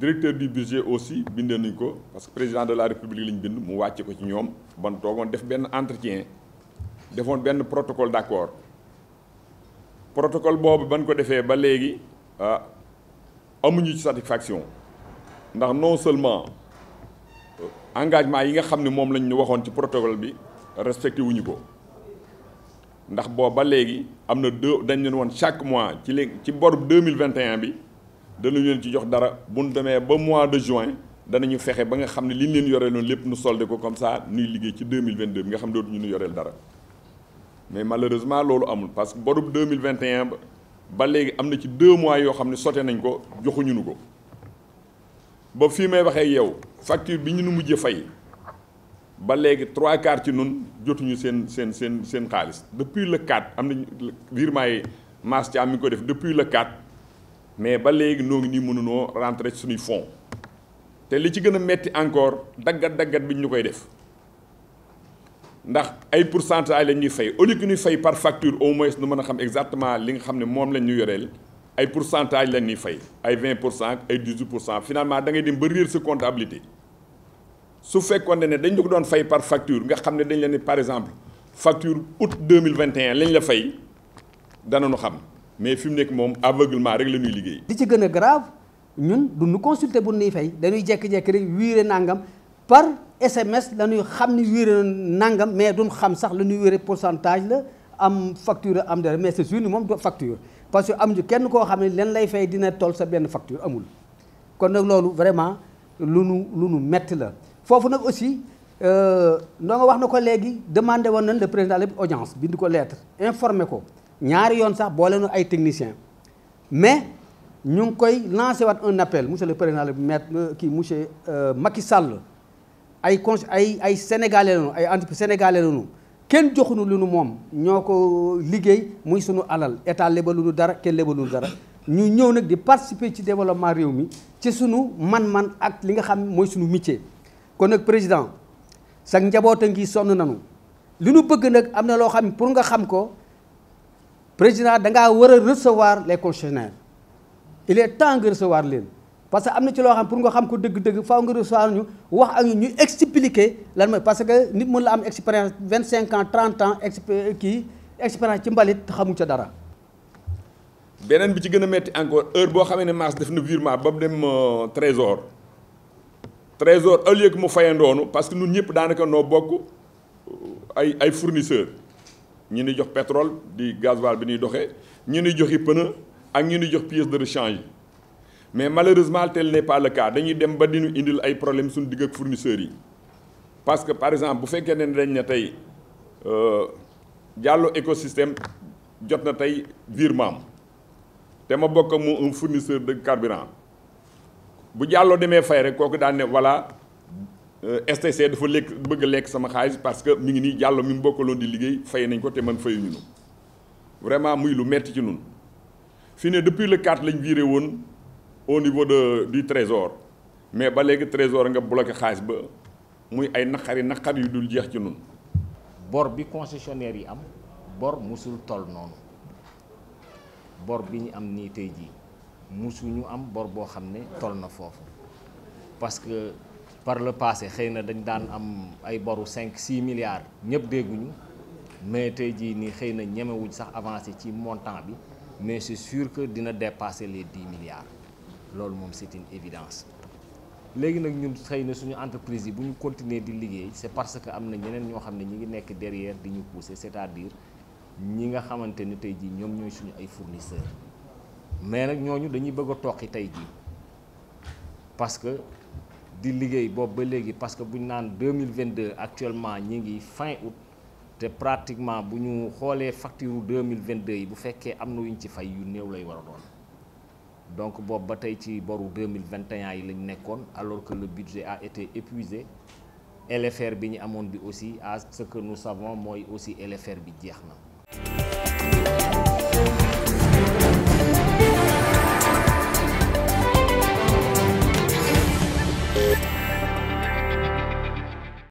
directeur du budget aussi parce que président de la république lañ bind mu entretien un protocole d'accord protocole bobu ban ko ba ah, satisfaction non seulement euh, engagement yi nga protocole bi respecté wuñu ndax deux dañ chaque mois ci 2021 dañu ñu ci jox dara buñ démé ba mois de juin dañu fexé ba nga xam liñ leen yoré non lepp lépp nu soldé ko comme ça ñuy liggé ci 2022 nga xam ne ñu nu yoreel dara mais malheureusement lolu amul parce que borop 2021 ba légui amna ci 2 mois yo xam soté nañ ko joxuñu nu ko ba fi may waxé yow facture bi ñu nu mujjee fay ba légui 3 quarts ci nun jotuñu sen sen sen sen xaliss depuis le 4 amna nañ virement yi ci am ko def depuis le 4 mais ba nous noo ni nii rentrer rentrer suñuy fonds té li ci gëna metti encore daggat daggat biñ ñukoy def ndax ay pourcentage lañ ñuy fay au lieu que ñuy fay par facture au moins nu mëna xam exactement li nga xamné ne lañ ñu yoreel ay pourcentage lañ ñuy fay ay 20 pour 18 finalement da ngay dem ba sa comptabilité su fekkone né dañ la doon fay par facture nga xamné dañ leen par exemple facture août 2021 lañ la fay danañu xam mais fi mu nekk aveuglement rek la ci grave ñun du consulter bu fay dañuy par SMS nous ñuy que nangam mais duñ xam sax la ñuy pourcentage la facture mais c'est facture parce que am lay fay dina sa facture amul kon vraiment nous metti aussi. Euh, nous nga wax collègues, ko demander président de l'audience ko lettre informer. ñaari yoon sax boole nu ay technicien mais ñu ngi koy lancé waat un appel monsieur le président le maître euh, kii monsieur euh, Macky Sall ay conse ay ay sénégalais lañu ay entreprise sénégalais lañu kenn joxunu lu nu moom ñoo ko liggéey muy sunu alal état lu nu dara kenn lebalu nu dara ñu ñëw nag di participer ci développement réew mi ci sunu man-man ak li nga xam mooy sunu métier. kon nag président sa njaboot a ngi sonn nanu li nu bëgg nag am na loo xam pour nga xam ko. président da ngaa war a recevoir les concessionnaires il est temps nga recevoir leen parce que am na ci loo xam pour nga xam ko dëgg-dëgg faaw nga recevoir ñu wax ak ñu ñu expliquer lan mooy parce que nit mën la am expérience vingt cinq ans trente ans exp kii expérience ci mbalit xamu ca dara. beneen bi ci gën a metti encore heure boo xamee ne mars def na virement ba mu dem euh, trésor trésor au lieu mu fayandoonu parce que nun ñëpp daanaka noo bokk euh, ay ay fournisseurs. ñi ni jox pétrole di gasoil bi ñuy doxé ñi ni joxi pneu ak ñi ni jox pièce de rechange mais malheureusement tel n'est pas le cas dañuy dem ba di ñu indil ay problème fournisseurs parce que par exemple bu vous ne dañ tay euh jallo écosystème jot na un virement Vous ma bokk un fournisseur de carburant bu jallo démé fay rek koku daan né voilà euh, STC dafa que bëgg a sama parce que mi ngi ni mi di liggéey fay nañ ko te man fayuñu ñu vraiment muy lu metti ci ñun depuis le 4 lañ au niveau de du trésor mais ba trésor nga bloqué ba muy ay yu dul jeex ci ñun. bor bi concessionnaire am bor musul toll bor bi ñu am nii am bor boo xam ne parce que par le passé nous avons dañ 5 6 milliards Nous avons mais tey jii nii xëy na sax avancé ci montant bi mais c'est sûr que dina dépasser les 10 milliards c'est une évidence Si nous ñun xëy entreprise qui continue de continuer c'est parce que y na ñeneen gens qui sont derrière di c'est-à-dire ñi nga xamante fournisseurs mais nous, ñooñu dañuy bëgg a parce que di liguey bob ba legui parce que bu nane 2022 actuellement ñi ngi fin août té pratiquement buñu xolé facture 2022 yi bu féké am na ñu ci fay yu néew lay wara doon donc bob ba tay ci boru 2021 yi lañ nekkoon alors que le budget a été épuisé LFR bi ñu amoon bi aussi à ce que nous savons moy aussi LFR bi jeex na